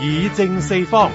議政四方。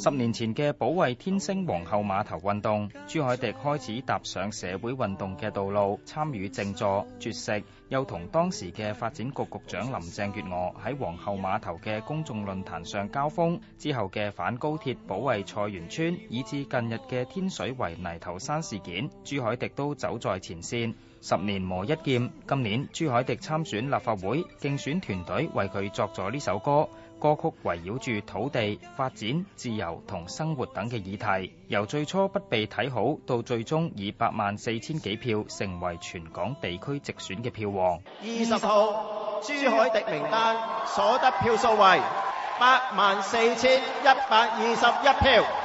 十年前嘅保衞天星皇后碼頭運動，朱凱廸開始踏上社會運動嘅道路，參與靜坐、絕食，又同當時嘅發展局局長林鄭月娥喺皇后碼頭嘅公眾論壇上交鋒。之後嘅反高鐵、保衞菜園村，以至近日嘅天水圍泥頭山事件，朱凱廸都走在前線。十年磨一劍，今年朱凱廸參選立法會，競選團隊為佢作咗呢首歌。歌曲圍繞住土地、發展、自由同生活等嘅議題，由最初不被睇好，到最終以八萬四千幾票成為全港地區直選嘅票王。二十號朱凱廸名單所得票數為八萬四千一百二十一票。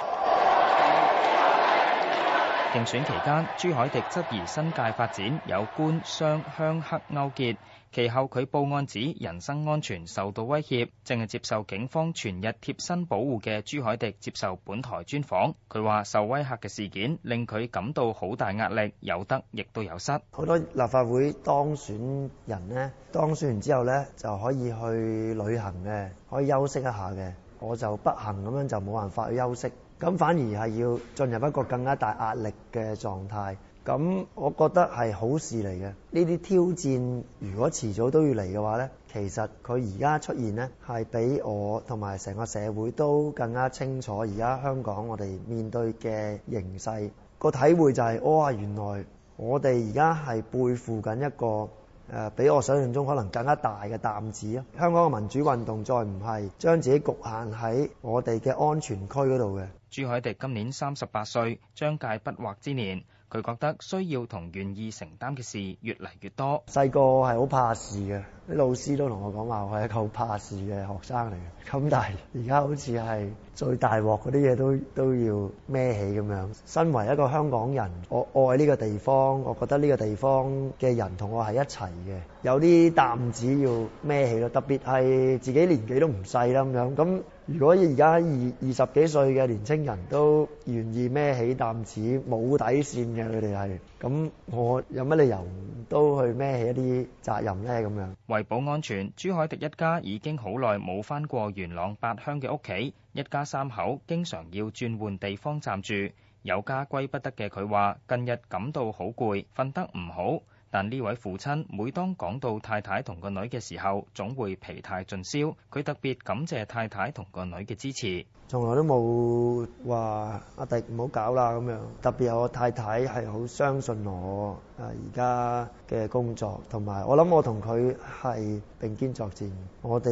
競選期間，朱凱廸質疑新界發展有官商鄉黑勾結。其後佢報案指人身安全受到威脅，正係接受警方全日貼身保護嘅朱凱廸接受本台專訪。佢話：受威嚇嘅事件令佢感到好大壓力，有得亦都有失。好多立法會當選人呢，當選完之後呢，就可以去旅行嘅，可以休息一下嘅。我就不幸咁樣就冇辦法去休息。咁反而係要進入一個更加大壓力嘅狀態，咁我覺得係好事嚟嘅。呢啲挑戰如果遲早都要嚟嘅話呢，其實佢而家出現呢，係比我同埋成個社會都更加清楚，而家香港我哋面對嘅形勢，個體會就係、是、哦，原來我哋而家係背負緊一個。誒比我想象中可能更加大嘅擔子咯，香港嘅民主運動再唔係將自己局限喺我哋嘅安全區嗰度嘅。朱凱廸今年三十八歲，將屆不惑之年。佢覺得需要同願意承擔嘅事越嚟越多。細個係好怕事嘅，啲老師都同我講話，我係一個好怕事嘅學生嚟嘅。咁但係而家好似係最大鑊嗰啲嘢都都要孭起咁樣。身為一個香港人，我愛呢個地方，我覺得呢個地方嘅人同我係一齊嘅，有啲擔子要孭起咯。特別係自己年紀都唔細啦咁樣咁。如果而家二二十幾歲嘅年輕人都願意孭起擔子，冇底線嘅佢哋係咁，我有乜理由都去孭起一啲責任呢？咁樣為保安全，朱凱廸一家已經好耐冇返過元朗八鄉嘅屋企，一家三口經常要轉換地方暫住，有家歸不得嘅佢話：近日感到好攰，瞓得唔好。但呢位父親每當講到太太同個女嘅時候，總會疲態盡消。佢特別感謝太太同個女嘅支持。從來都冇話阿迪唔好搞啦，咁樣，特別我太太係好相信我啊，而家嘅工作同埋我諗我同佢係並肩作戰，我哋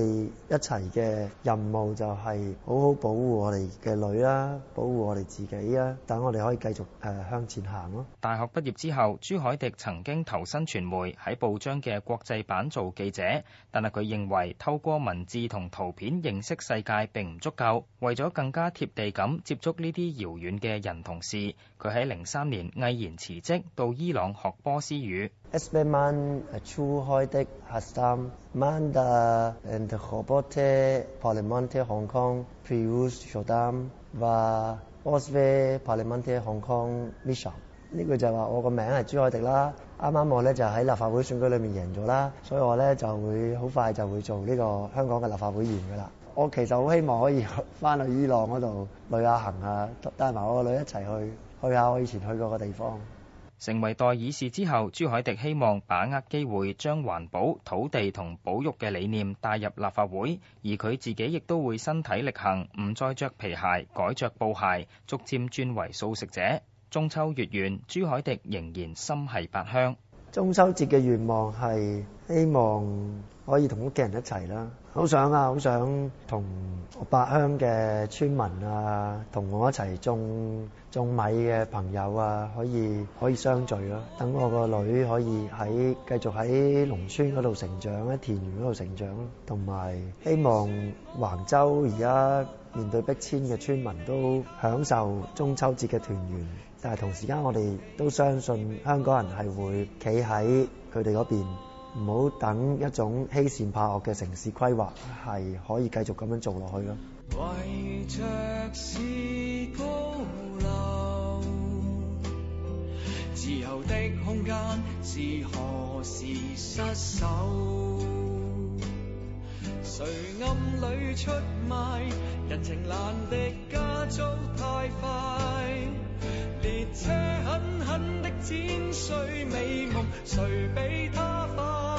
一齊嘅任務就係好好保護我哋嘅女啦，保護我哋自己啊，等我哋可以繼續誒向前行咯。大學畢業之後朱凱廸曾經投新傳媒喺報章嘅國際版做記者，但係佢認為透過文字同圖片認識世界並唔足夠，為咗更加貼地咁接觸呢啲遙遠嘅人同事，佢喺零三年毅然辭職到伊朗學波斯語。呢個就係話我個名係朱凱廸啦，啱啱我咧就喺立法會選舉裏面贏咗啦，所以我咧就會好快就會做呢個香港嘅立法會議員噶啦。我其實好希望可以翻去伊朗嗰度旅下行啊，帶埋我個女一齊去，去下我以前去過嘅地方。成為代議士之後，朱凱廸希望把握機會將環保、土地同保育嘅理念帶入立法會，而佢自己亦都會身體力行，唔再着皮鞋，改着布鞋，逐漸轉為素食者。中秋月圓，朱凱廸仍然心繫八鄉。中秋節嘅願望係希望可以同屋企人一齊啦。好想啊，好想同八鄉嘅村民啊，同我一齊種、種米嘅朋友啊，可以，可以相聚囉。等我個女可以喺，繼續喺農村嗰度成長，喺田園嗰度成長，同埋希望橫洲而家很想，面對逼遷嘅村民都享受中秋節嘅團圓，但係同時間我哋都相信香港人係會企喺佢哋嗰邊，唔好等一種欺善怕惡嘅城市規劃係可以繼續咁樣做落去咯。為著是高樓，自由嘅空間是何時失守？誰暗裏出賣人情難敵，加速太快。列車狠狠的剪碎美夢，誰比他快？